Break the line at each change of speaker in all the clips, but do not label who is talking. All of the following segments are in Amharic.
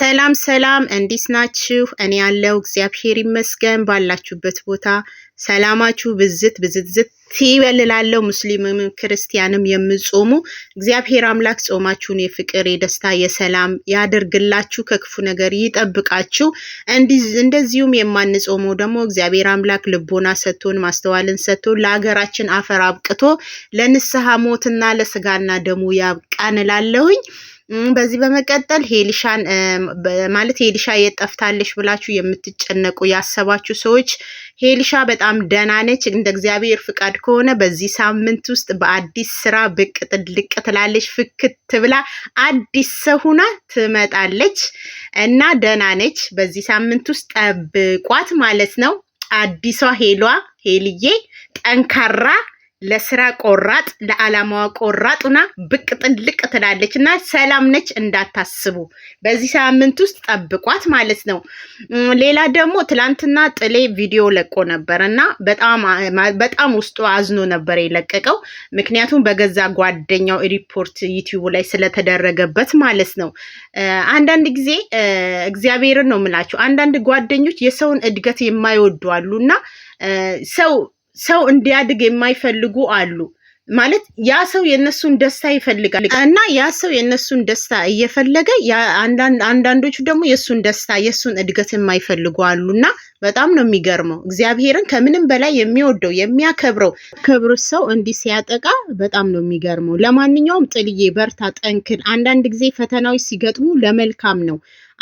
ሰላም ሰላም እንዲስ ናችሁ? እኔ ያለው እግዚአብሔር ይመስገን። ባላችሁበት ቦታ ሰላማችሁ ብዝት ብዝትዝት ይበልላለው። ሙስሊምም ክርስቲያንም የምጾሙ እግዚአብሔር አምላክ ጾማችሁን የፍቅር የደስታ የሰላም ያደርግላችሁ፣ ከክፉ ነገር ይጠብቃችሁ። እንደዚሁም የማንጾመው ደግሞ እግዚአብሔር አምላክ ልቦና ሰጥቶን ማስተዋልን ሰጥቶን ለሀገራችን አፈር አብቅቶ ለንስሐ ሞትና ለስጋና ደሙ ያብቃን እላለሁኝ። በዚህ በመቀጠል ሄሊሻን ማለት ሄሊሻ የጠፍታለች ብላችሁ የምትጨነቁ ያሰባችሁ ሰዎች ሄሊሻ በጣም ደህና ነች። እንደ እግዚአብሔር ፍቃድ ከሆነ በዚህ ሳምንት ውስጥ በአዲስ ስራ ብቅ ጥልቅ ትላለች። ፍክት ብላ አዲስ ሰው ሁና ትመጣለች እና ደህና ነች። በዚህ ሳምንት ውስጥ ጠብቋት ማለት ነው። አዲሷ ሄሏ ሄልዬ ጠንካራ ለስራ ቆራጥ ለዓላማዋ ቆራጥና ብቅ ጥልቅ ትላለች እና ሰላም ነች እንዳታስቡ። በዚህ ሳምንት ውስጥ ጠብቋት ማለት ነው። ሌላ ደግሞ ትላንትና ጥሌ ቪዲዮ ለቆ ነበር እና በጣም ውስጡ አዝኖ ነበር የለቀቀው። ምክንያቱም በገዛ ጓደኛው ሪፖርት ዩቲዩቡ ላይ ስለተደረገበት ማለት ነው። አንዳንድ ጊዜ እግዚአብሔርን ነው የምላቸው። አንዳንድ ጓደኞች የሰውን እድገት የማይወዱ አሉ እና ሰው ሰው እንዲያድግ የማይፈልጉ አሉ። ማለት ያ ሰው የእነሱን ደስታ ይፈልጋል እና ያ ሰው የእነሱን ደስታ እየፈለገ አንዳንዶቹ ደግሞ የእሱን ደስታ የእሱን እድገት የማይፈልጉ አሉ እና በጣም ነው የሚገርመው። እግዚአብሔርን ከምንም በላይ የሚወደው የሚያከብረው ክብር ሰው እንዲህ ሲያጠቃ በጣም ነው የሚገርመው። ለማንኛውም ጥልዬ በርታ፣ ጠንክን። አንዳንድ ጊዜ ፈተናዎች ሲገጥሙ ለመልካም ነው።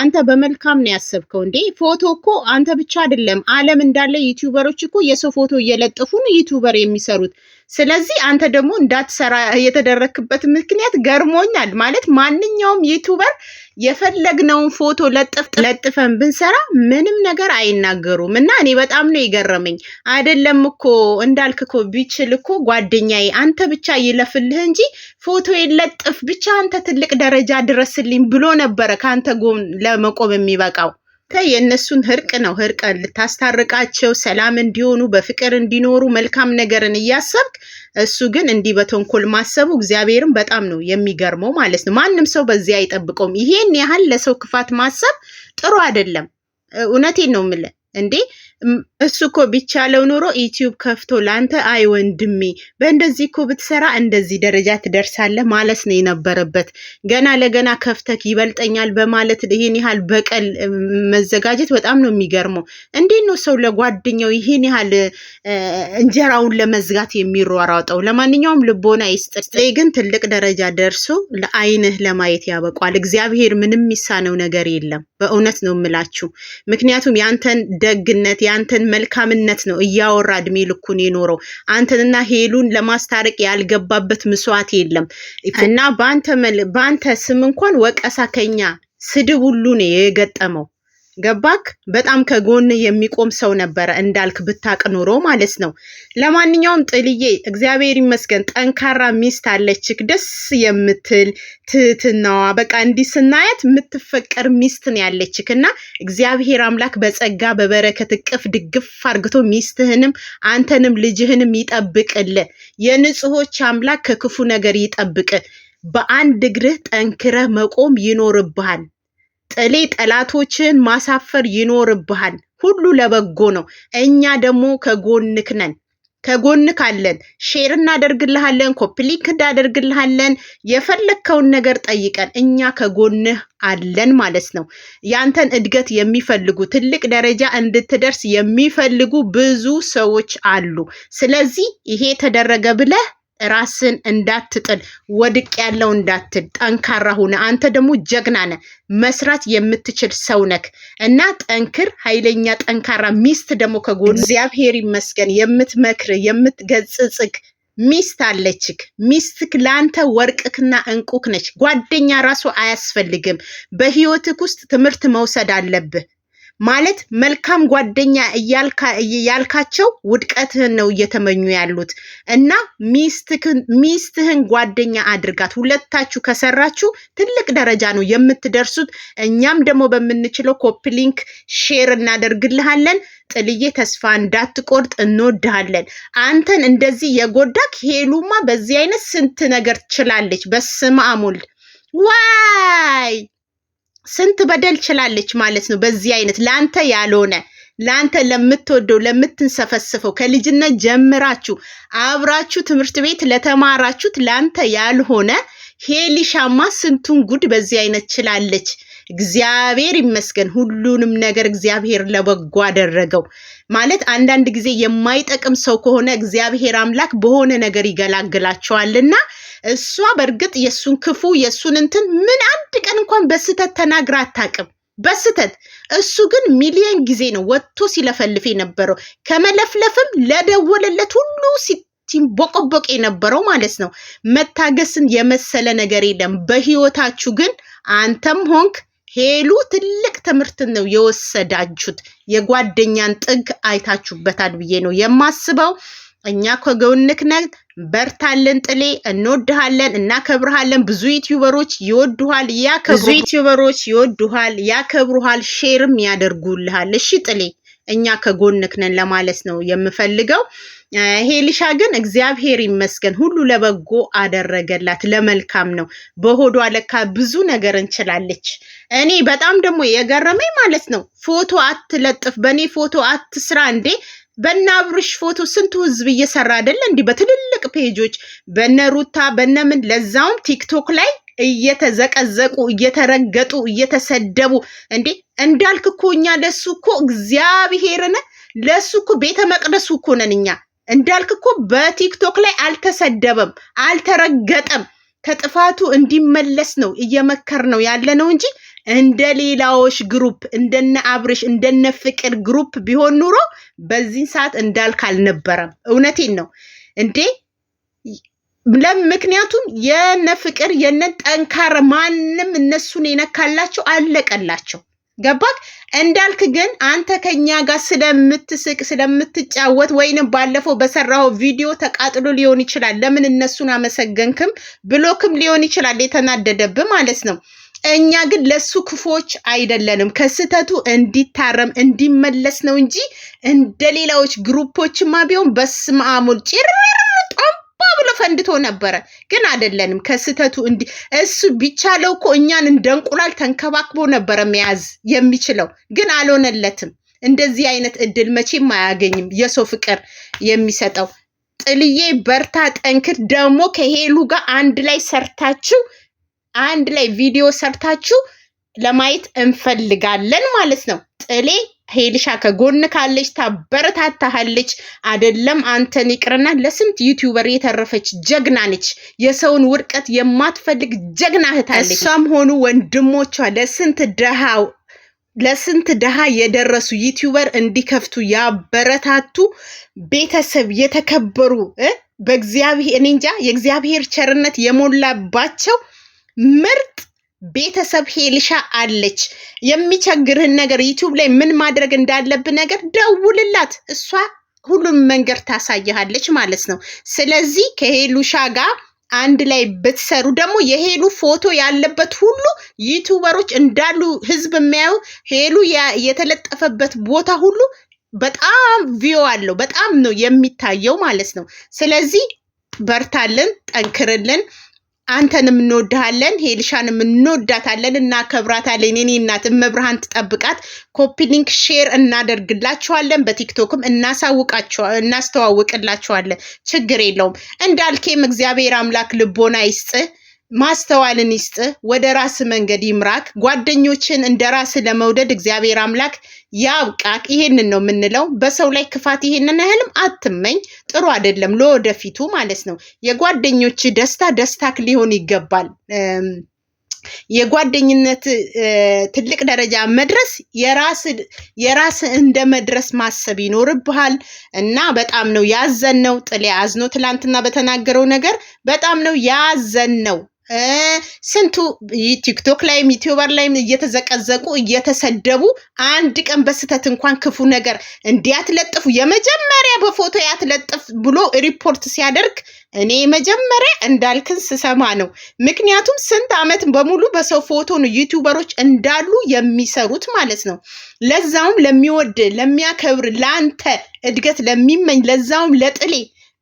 አንተ በመልካም ነው ያሰብከው እንዴ? ፎቶ እኮ አንተ ብቻ አይደለም፣ ዓለም እንዳለ ዩቲዩበሮች እኮ የሰው ፎቶ እየለጠፉ ነው ዩቲዩበር የሚሰሩት። ስለዚህ አንተ ደግሞ እንዳትሰራ የተደረክበት ምክንያት ገርሞኛል። ማለት ማንኛውም ዩቲዩበር የፈለግነውን ፎቶ ለጥፍ ለጥፈን ብንሰራ ምንም ነገር አይናገሩም። እና እኔ በጣም ነው የገረመኝ። አይደለም እኮ እንዳልክ እኮ ቢችል እኮ ጓደኛዬ አንተ ብቻ ይለፍልህ እንጂ ፎቶ የለጥፍ ብቻ አንተ ትልቅ ደረጃ ድረስልኝ ብሎ ነበረ ከአንተ ጎን ለመቆም የሚበቃው። የእነሱን እርቅ ነው እርቅ ልታስታርቃቸው፣ ሰላም እንዲሆኑ፣ በፍቅር እንዲኖሩ መልካም ነገርን እያሰብክ እሱ ግን እንዲህ በተንኮል ማሰቡ እግዚአብሔርም በጣም ነው የሚገርመው ማለት ነው። ማንም ሰው በዚህ አይጠብቀውም። ይሄን ያህል ለሰው ክፋት ማሰብ ጥሩ አይደለም። እውነቴን ነው የምልህ እንዴ እሱ እኮ ቢቻለው ኑሮ ዩቲዩብ ከፍቶ ላንተ አይ ወንድሜ በእንደዚህ እኮ ብትሰራ እንደዚህ ደረጃ ትደርሳለህ ማለት ነው የነበረበት። ገና ለገና ከፍተክ ይበልጠኛል በማለት ይህን ያህል በቀል መዘጋጀት በጣም ነው የሚገርመው። እንዴት ነው ሰው ለጓደኛው ይህን ያህል እንጀራውን ለመዝጋት የሚሯሯጠው? ለማንኛውም ልቦና ይስጥ። ግን ትልቅ ደረጃ ደርሶ ለአይንህ ለማየት ያበቋል። እግዚአብሔር ምንም የሚሳነው ነገር የለም። በእውነት ነው የምላችሁ። ምክንያቱም ያንተን ደግነት የአንተን መልካምነት ነው እያወራ እድሜ ልኩን የኖረው። አንተንና ሄሉን ለማስታረቅ ያልገባበት ምስዋት የለም እና በአንተ ስም እንኳን ወቀሳ ከኛ ስድብ ሁሉ ነው የገጠመው። ገባክ? በጣም ከጎን የሚቆም ሰው ነበረ እንዳልክ ብታቅ ኑሮ ማለት ነው። ለማንኛውም ጥልዬ እግዚአብሔር ይመስገን ጠንካራ ሚስት አለችክ። ደስ የምትል ትህትናዋ፣ በቃ እንዲህ ስናያት የምትፈቀር ሚስት ነው ያለችክ እና እግዚአብሔር አምላክ በጸጋ በበረከት እቅፍ ድግፍ አርግቶ ሚስትህንም አንተንም ልጅህንም ይጠብቅል። የንጹሆች አምላክ ከክፉ ነገር ይጠብቅ። በአንድ እግርህ ጠንክረህ መቆም ይኖርብሃል። ጥሌ ጠላቶችን ማሳፈር ይኖርብሃል። ሁሉ ለበጎ ነው። እኛ ደግሞ ከጎንክ ነን ከጎንክ አለን። ሼር እናደርግልሃለን፣ ኮፕሊክ እንዳደርግልሃለን። የፈለግከውን ነገር ጠይቀን እኛ ከጎንህ አለን ማለት ነው። ያንተን እድገት የሚፈልጉ ትልቅ ደረጃ እንድትደርስ የሚፈልጉ ብዙ ሰዎች አሉ። ስለዚህ ይሄ ተደረገ ብለህ ራስን እንዳትጥል ወድቅ ያለው እንዳትል ጠንካራ ሁነ። አንተ ደግሞ ጀግና ነህ፣ መስራት የምትችል ሰው ነህ እና ጠንክር። ኃይለኛ ጠንካራ ሚስት ደግሞ ከጎን እግዚአብሔር ይመስገን የምትመክር የምትገጽጽግ ሚስት አለችክ። ሚስትክ ለአንተ ወርቅክና እንቁክ ነች። ጓደኛ ራሱ አያስፈልግም። በህይወትክ ውስጥ ትምህርት መውሰድ አለብህ። ማለት መልካም ጓደኛ ያልካቸው ውድቀትህን ነው እየተመኙ ያሉት እና ሚስትህን ጓደኛ አድርጋት። ሁለታችሁ ከሰራችሁ ትልቅ ደረጃ ነው የምትደርሱት። እኛም ደግሞ በምንችለው ኮፕሊንክ ሼር እናደርግልሃለን። ጥልዬ ተስፋ እንዳትቆርጥ እንወድሃለን። አንተን እንደዚህ የጎዳክ ሄሉማ በዚህ አይነት ስንት ነገር ችላለች። በስመ አብ ወልድ ዋይ ስንት በደል ችላለች ማለት ነው። በዚህ አይነት ለአንተ ያልሆነ ለአንተ ለምትወደው ለምትንሰፈስፈው ከልጅነት ጀምራችሁ አብራችሁ ትምህርት ቤት ለተማራችሁት ለአንተ ያልሆነ ሄሊሻማ ስንቱን ጉድ በዚህ አይነት ችላለች። እግዚአብሔር ይመስገን። ሁሉንም ነገር እግዚአብሔር ለበጎ አደረገው ማለት አንዳንድ ጊዜ የማይጠቅም ሰው ከሆነ እግዚአብሔር አምላክ በሆነ ነገር ይገላግላቸዋልና እሷ በእርግጥ የእሱን ክፉ የእሱን እንትን ምን አንድ ቀን እንኳን በስህተት ተናግራ አታውቅም በስተት እሱ ግን ሚሊየን ጊዜ ነው ወጥቶ ሲለፈልፍ የነበረው ከመለፍለፍም ለደወለለት ሁሉ ሲንቦቆቦቅ የነበረው ማለት ነው። መታገስን የመሰለ ነገር የለም። በህይወታችሁ ግን አንተም ሆንክ ሄሉ ትልቅ ትምህርት ነው የወሰዳችሁት። የጓደኛን ጥግ አይታችሁበታል ብዬ ነው የማስበው። እኛ ከጎንክ ነን፣ በርታለን። ጥሌ እንወድሃለን፣ እናከብርሃለን። ብዙ ዩቲዩበሮች ይወዱሃል፣ ያከብሩ ዩቲዩበሮች ይወዱሃል፣ ያከብሩሃል፣ ሼርም ያደርጉልሃል። እሺ ጥሌ እኛ ከጎንክ ነን ለማለት ነው የምፈልገው። ሄልሻ ግን እግዚአብሔር ይመስገን ሁሉ ለበጎ አደረገላት፣ ለመልካም ነው። በሆዷ ለካ ብዙ ነገር እንችላለች። እኔ በጣም ደግሞ የገረመኝ ማለት ነው ፎቶ አትለጥፍ፣ በእኔ ፎቶ አትስራ እንዴ በነ አብርሽ ፎቶ ስንቱ ህዝብ እየሰራ አይደለ እንዲህ በትልልቅ ፔጆች በነ ሩታ በነ ምን ለዛውም ቲክቶክ ላይ እየተዘቀዘቁ እየተረገጡ እየተሰደቡ እንዴ እንዳልክ እኮ እኛ ለሱ እኮ እግዚአብሔርን ለሱ እኮ ቤተ መቅደሱ እኮ ነን እኛ እንዳልክ እኮ በቲክቶክ ላይ አልተሰደበም፣ አልተረገጠም። ከጥፋቱ እንዲመለስ ነው እየመከር ነው ያለ ነው እንጂ እንደ ሌላዎች ግሩፕ እንደነ አብርሽ እንደነ ፍቅር ግሩፕ ቢሆን ኑሮ በዚህ ሰዓት እንዳልክ አልነበረም። እውነቴን ነው እንዴ ምክንያቱም የነ ፍቅር የነ ጠንካራ ማንም እነሱን የነካላቸው አለቀላቸው። ገባክ እንዳልክ ግን አንተ ከኛ ጋር ስለምትስቅ ስለምትጫወት ወይንም ባለፈው በሰራው ቪዲዮ ተቃጥሎ ሊሆን ይችላል። ለምን እነሱን አመሰገንክም? ብሎክም ሊሆን ይችላል የተናደደብ ማለት ነው። እኛ ግን ለሱ ክፎች አይደለንም። ከስህተቱ እንዲታረም እንዲመለስ ነው እንጂ እንደ ሌላዎች ግሩፖችማ ቢሆን በስመ አብ ጭር ፈንድቶ ነበረ፣ ግን አይደለንም። ከስህተቱ እንዲ እሱ ቢቻለው እኮ እኛን እንደ እንቁላል ተንከባክቦ ነበረ መያዝ የሚችለው፣ ግን አልሆነለትም። እንደዚህ አይነት እድል መቼም አያገኝም። የሰው ፍቅር የሚሰጠው ጥልዬ፣ በርታ፣ ጠንክር። ደግሞ ከሄሉ ጋር አንድ ላይ ሰርታችሁ አንድ ላይ ቪዲዮ ሰርታችሁ ለማየት እንፈልጋለን ማለት ነው ጥሌ ሄልሻ ከጎን ካለች ታበረታታሃለች። አደለም አንተን ይቅርና ለስንት ዩቲዩበር የተረፈች ጀግና ነች። የሰውን ውድቀት የማትፈልግ ጀግና እህታለች። እሷም ሆኑ ወንድሞቿ ለስንት ደሃው ለስንት ድሃ የደረሱ ዩቲዩበር እንዲከፍቱ ያበረታቱ ቤተሰብ የተከበሩ በእግዚአብሔር እኔ እንጃ የእግዚአብሔር ቸርነት የሞላባቸው ምርጥ ቤተሰብ ሄልሻ አለች። የሚቸግርህን ነገር ዩቱብ ላይ ምን ማድረግ እንዳለብ ነገር ደውልላት፣ እሷ ሁሉም መንገድ ታሳይሃለች ማለት ነው። ስለዚህ ከሄሉሻ ጋር አንድ ላይ ብትሰሩ ደግሞ የሄሉ ፎቶ ያለበት ሁሉ ዩቱበሮች እንዳሉ ህዝብ የሚያዩ ሄሉ የተለጠፈበት ቦታ ሁሉ በጣም ቪዮ አለው፣ በጣም ነው የሚታየው ማለት ነው። ስለዚህ በርታልን፣ ጠንክርልን። አንተንም እንወድሃለን፣ ሄልሻንም እንወዳታለን፣ እናከብራታለን። የኔ እናት እመብርሃን ትጠብቃት። ሊንክ ሼር እናደርግላችኋለን፣ በቲክቶክም እናስተዋውቅላችኋለን። ችግር የለውም። እንዳልኬም እግዚአብሔር አምላክ ልቦና ይስጥህ። ማስተዋልን ይስጥ፣ ወደ ራስ መንገድ ይምራክ፣ ጓደኞችን እንደ ራስ ለመውደድ እግዚአብሔር አምላክ ያብቃቅ። ይሄንን ነው የምንለው። በሰው ላይ ክፋት ይሄንን ያህልም አትመኝ፣ ጥሩ አይደለም ለወደፊቱ ማለት ነው። የጓደኞች ደስታ ደስታክ ሊሆን ይገባል። የጓደኝነት ትልቅ ደረጃ መድረስ የራስ እንደ መድረስ ማሰብ ይኖርብሃል እና በጣም ነው ያዘን ነው ጥሌ አዝኖ ትላንትና በተናገረው ነገር በጣም ነው ያዘን ነው ስንቱ ቲክቶክ ላይም ዩቲዩበር ላይም እየተዘቀዘቁ እየተሰደቡ አንድ ቀን በስተት እንኳን ክፉ ነገር እንዲያትለጥፉ የመጀመሪያ በፎቶ ያትለጥፍ ብሎ ሪፖርት ሲያደርግ እኔ መጀመሪያ እንዳልክን ስሰማ ነው። ምክንያቱም ስንት ዓመት በሙሉ በሰው ፎቶ ነው ዩቲዩበሮች እንዳሉ የሚሰሩት ማለት ነው። ለዛውም ለሚወድ ለሚያከብር፣ ለአንተ እድገት ለሚመኝ ለዛውም ለጥሌ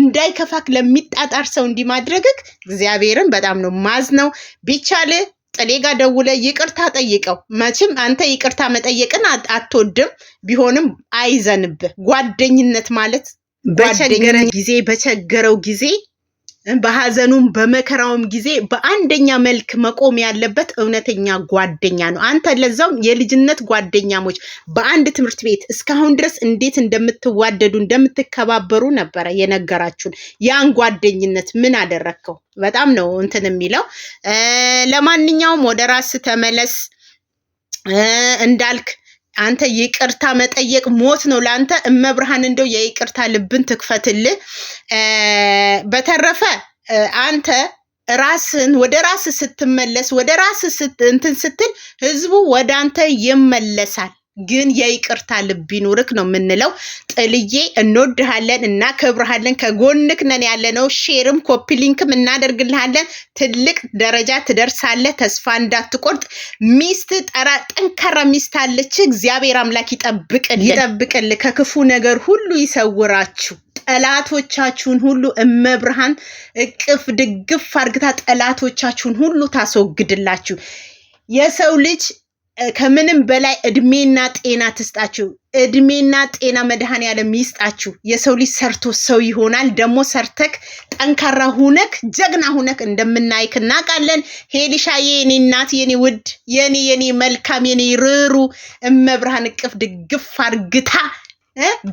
እንዳይከፋክ ለሚጣጣር ሰው እንዲህ ማድረግክ እግዚአብሔርን በጣም ነው ማዝ ነው ቢቻለ ጥሌ ጋ ደውለ ይቅርታ ጠይቀው። መቼም አንተ ይቅርታ መጠየቅን አትወድም፣ ቢሆንም አይዘንብህ ጓደኝነት ማለት በቸገረ ጊዜ በቸገረው ጊዜ በሐዘኑም በመከራውም ጊዜ በአንደኛ መልክ መቆም ያለበት እውነተኛ ጓደኛ ነው። አንተ ለዛውም የልጅነት ጓደኛሞች በአንድ ትምህርት ቤት እስካሁን ድረስ እንዴት እንደምትዋደዱ እንደምትከባበሩ ነበረ የነገራችሁን። ያን ጓደኝነት ምን አደረግከው? በጣም ነው እንትን የሚለው። ለማንኛውም ወደ ራስ ተመለስ እንዳልክ አንተ ይቅርታ መጠየቅ ሞት ነው ለአንተ። እመብርሃን እንደው የይቅርታ ልብን ትክፈትልህ። በተረፈ አንተ ራስን ወደ ራስ ስትመለስ ወደ ራስ እንትን ስትል ህዝቡ ወደ አንተ ይመለሳል። ግን የይቅርታ ልብ ይኑርክ ነው የምንለው። ጥልዬ እንወድሃለን፣ እናከብርሃለን፣ ከጎንክ ነን ያለነው። ሼርም ኮፒሊንክም እናደርግልሃለን። ትልቅ ደረጃ ትደርሳለህ፣ ተስፋ እንዳትቆርጥ። ሚስት ጠራ ጠንካራ ሚስት አለች። እግዚአብሔር አምላክ ይጠብቅል ይጠብቅል፣ ከክፉ ነገር ሁሉ ይሰውራችሁ። ጠላቶቻችሁን ሁሉ እመብርሃን እቅፍ ድግፍ አርግታ ጠላቶቻችሁን ሁሉ ታስወግድላችሁ። የሰው ልጅ ከምንም በላይ እድሜና ጤና ትስጣችሁ። እድሜና ጤና መድኃኔዓለም ይስጣችሁ። የሰው ልጅ ሰርቶ ሰው ይሆናል። ደግሞ ሰርተክ ጠንካራ ሁነክ ጀግና ሁነክ እንደምናይክ እናውቃለን። ሄሊሻ የኔ እናት፣ የኔ ውድ፣ የኔ የኔ መልካም፣ የኔ ርሩ እመብርሃን እቅፍ ድግፍ አርግታ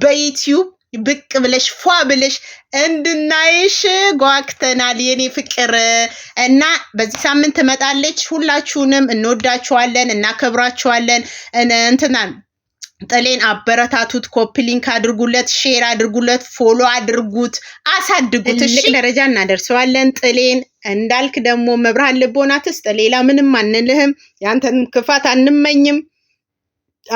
በዩትዩብ ብቅ ብለሽ ፏ ብለሽ እንድናይሽ ጓግተናል የኔ ፍቅር እና በዚህ ሳምንት ትመጣለች። ሁላችሁንም እንወዳችኋለን፣ እናከብራችኋለን። እንትና ጥሌን አበረታቱት፣ ኮፕሊንክ አድርጉለት፣ ሼር አድርጉለት፣ ፎሎ አድርጉት፣ አሳድጉት። ትልቅ ደረጃ እናደርሰዋለን። ጥሌን እንዳልክ ደግሞ መብርሃን ልቦና ትስጥ። ሌላ ምንም አንልህም፣ ያንተን ክፋት አንመኝም።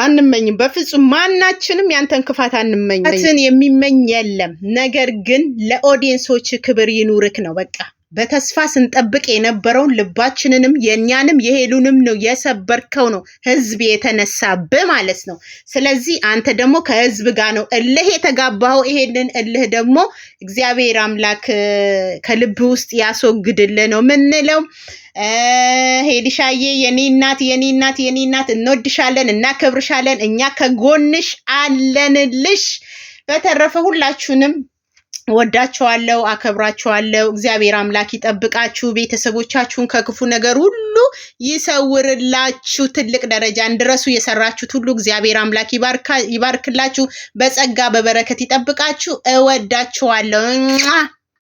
አንመኝም በፍጹም ማናችንም ያንተን ክፋት አንመኝም። የሚመኝ የለም። ነገር ግን ለኦዲየንሶች ክብር ይኑርክ ነው በቃ። በተስፋ ስንጠብቅ የነበረውን ልባችንንም የእኛንም የሄሉንም ነው የሰበርከው። ነው ህዝብ የተነሳብ ማለት ነው። ስለዚህ አንተ ደግሞ ከህዝብ ጋር ነው እልህ የተጋባኸው። ይሄንን እልህ ደግሞ እግዚአብሔር አምላክ ከልብ ውስጥ ያስወግድልህ ነው ምንለው። ሄድሻዬ የኔ እናት የኔ እናት የኔ እናት እንወድሻለን፣ እናከብርሻለን፣ እኛ ከጎንሽ አለንልሽ። በተረፈ ሁላችሁንም ወዳችኋለሁ፣ አከብራችኋለሁ። እግዚአብሔር አምላክ ይጠብቃችሁ፣ ቤተሰቦቻችሁን ከክፉ ነገር ሁሉ ይሰውርላችሁ፣ ትልቅ ደረጃ እንድረሱ የሰራችሁት ሁሉ እግዚአብሔር አምላክ ይባርክላችሁ፣ በጸጋ በበረከት ይጠብቃችሁ። እወዳችኋለሁ።